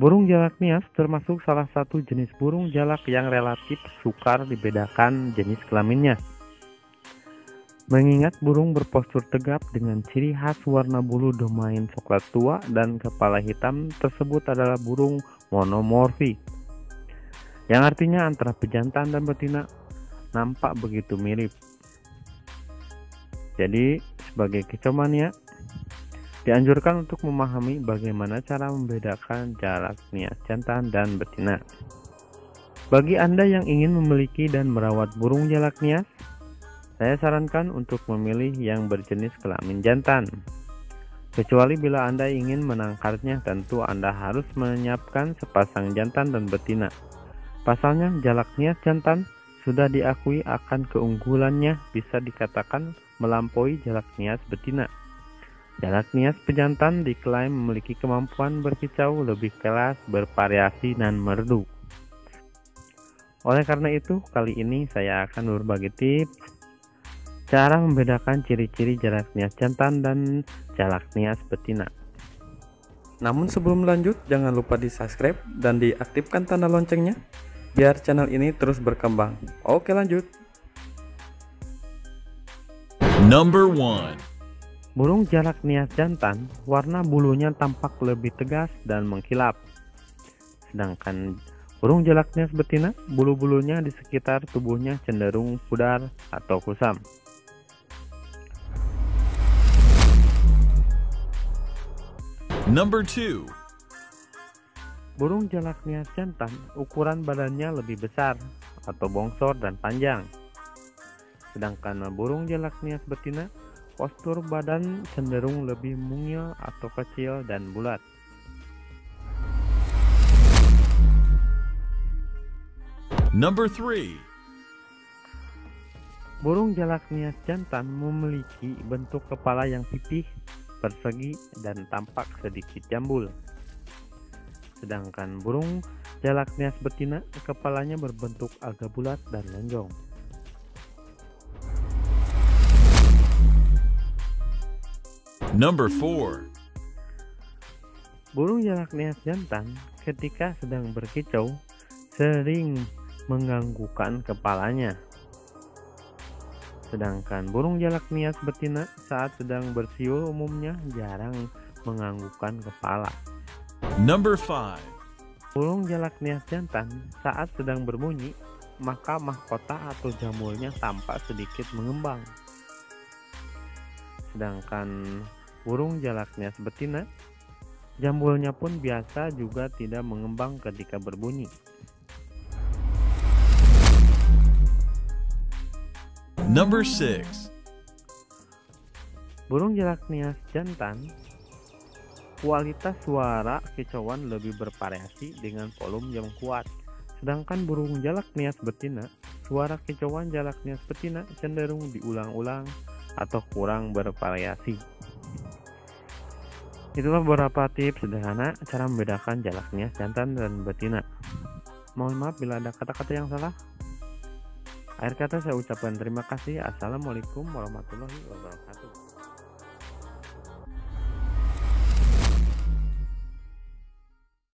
Burung jalak nias termasuk salah satu jenis burung jalak yang relatif sukar dibedakan jenis kelaminnya. Mengingat burung berpostur tegap dengan ciri khas warna bulu domain coklat tua dan kepala hitam tersebut adalah burung monomorfi yang artinya antara pejantan dan betina nampak begitu mirip. Jadi sebagai kecomania Dianjurkan untuk memahami bagaimana cara membedakan jarak niat jantan dan betina. Bagi Anda yang ingin memiliki dan merawat burung jalak nias, saya sarankan untuk memilih yang berjenis kelamin jantan. Kecuali bila Anda ingin menangkarnya, tentu Anda harus menyiapkan sepasang jantan dan betina. Pasalnya, jalak nias jantan sudah diakui akan keunggulannya bisa dikatakan melampaui jalak nias betina. Jarak Nias pejantan diklaim memiliki kemampuan berkicau lebih kelas, bervariasi, dan merdu. Oleh karena itu, kali ini saya akan berbagi tips cara membedakan ciri-ciri jarak Nias jantan dan jarak Nias betina. Namun sebelum lanjut, jangan lupa di subscribe dan diaktifkan tanda loncengnya biar channel ini terus berkembang. Oke lanjut. Number one. Burung jarak nias jantan, warna bulunya tampak lebih tegas dan mengkilap. Sedangkan burung jarak nias betina, bulu-bulunya di sekitar tubuhnya cenderung pudar atau kusam. Number two. Burung jalak nias jantan ukuran badannya lebih besar atau bongsor dan panjang. Sedangkan burung jalak nias betina Postur badan cenderung lebih mungil atau kecil dan bulat. Number three. Burung jalak nias jantan memiliki bentuk kepala yang pipih, persegi, dan tampak sedikit jambul. Sedangkan burung jalak nias betina kepalanya berbentuk agak bulat dan lonjong. Number 4 Burung jalak nias jantan ketika sedang berkicau sering mengganggukan kepalanya. Sedangkan burung jalak nias betina saat sedang bersiul umumnya jarang menganggukkan kepala. Number 5. Burung jalak nias jantan saat sedang berbunyi, maka mahkota atau jamurnya tampak sedikit mengembang. Sedangkan Burung jalaknya betina Jambulnya pun biasa juga tidak mengembang ketika berbunyi. Number 6 Burung jalak nias jantan Kualitas suara kicauan lebih bervariasi dengan volume yang kuat Sedangkan burung jalak nias betina Suara kicauan jalak nias betina cenderung diulang-ulang atau kurang bervariasi Itulah beberapa tips sederhana cara membedakan jalaknya jantan dan betina. Mohon maaf bila ada kata-kata yang salah. Akhir kata saya ucapkan terima kasih. Assalamualaikum warahmatullahi wabarakatuh.